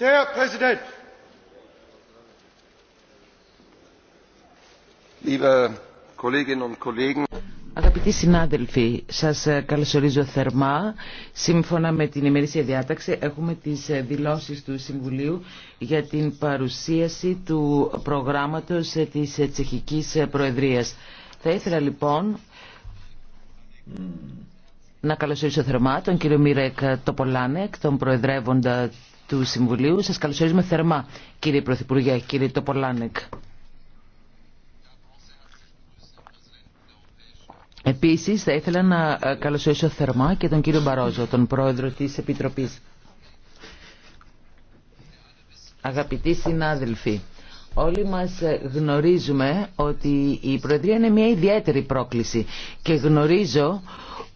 Der Präsident! Liebe Kolleginnen und Kollegen, Αγαπητοί συνάδελφοι, σας ε, καλωσορίζω θερμά. Σύμφωνα με την ημερήσια διάταξη έχουμε τις ε, δηλώσεις του Συμβουλίου για την παρουσίαση του προγράμματος ε, της Τσεχικής Προεδρίας. Θα ήθελα λοιπόν να καλωσορίσω θερμά τον κύριο Μίρεκ Τοπολάνεκ, τον Προεδρεύοντα του Συμβουλίου. Σας καλωσορίζουμε θερμά, κύριε Πρωθυπουργέ, κύριε Τοπολάνεκ. Επίσης, θα ήθελα να ε, καλωσορίσω θερμά και τον κύριο Μπαρόζο, τον πρόεδρο της Επιτροπής. Αγαπητοί συνάδελφοι, Όλοι μας ε, γνωρίζουμε ότι η Προεδρία είναι μια ιδιαίτερη πρόκληση και γνωρίζω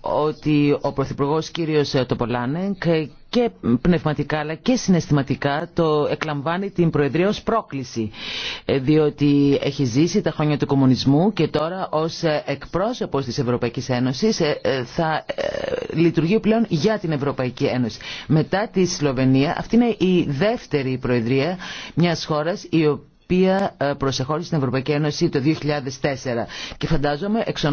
ότι ο Πρωθυπουργό κύριος ε, Τοπολάνεγκ ε, και πνευματικά αλλά και συναισθηματικά το εκλαμβάνει την Προεδρία ως πρόκληση ε, διότι έχει ζήσει τα χρόνια του κομμουνισμού και τώρα ως εκπρόσωπος της Ευρωπαϊκής Ένωσης θα λειτουργεί πλέον για την Ευρωπαϊκή Ένωση. Μετά τη Σλοβενία αυτή είναι η δεύτερη Προεδρία μιας χώρας η οποία προσεχώρησε στην Ευρωπαϊκή Ένωση το 2004. Και φαντάζομαι εξ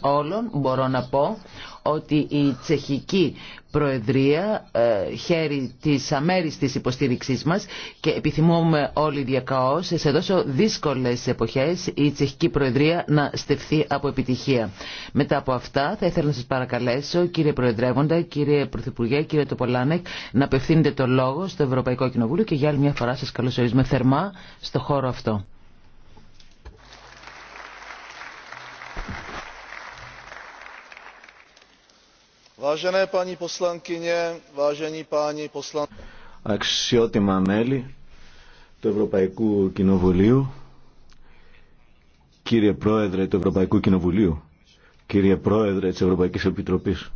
όλων μπορώ να πω ότι η τσεχική Προεδρία ε, χέρι της αμέριστης υποστήριξής μας και επιθυμούμε όλοι διακαώς σε τόσο δύσκολες εποχές η Τσεχική Προεδρία να στεφθεί από επιτυχία. Μετά από αυτά θα ήθελα να σας παρακαλέσω κύριε Προεδρεύοντα, κύριε Πρωθυπουργέ, κύριε Τοπολάνεκ να απευθύνετε το λόγο στο Ευρωπαϊκό Κοινοβούλιο και για άλλη μια φορά σας καλωσορίζουμε θερμά στο χώρο αυτό. Αξιότιμα μέλη του Ευρωπαϊκού Κοινοβουλίου, κύριε Πρόεδρε του Ευρωπαϊκού Κοινοβουλίου, κύριε Πρόεδρε της Ευρωπαϊκής Επιτροπής.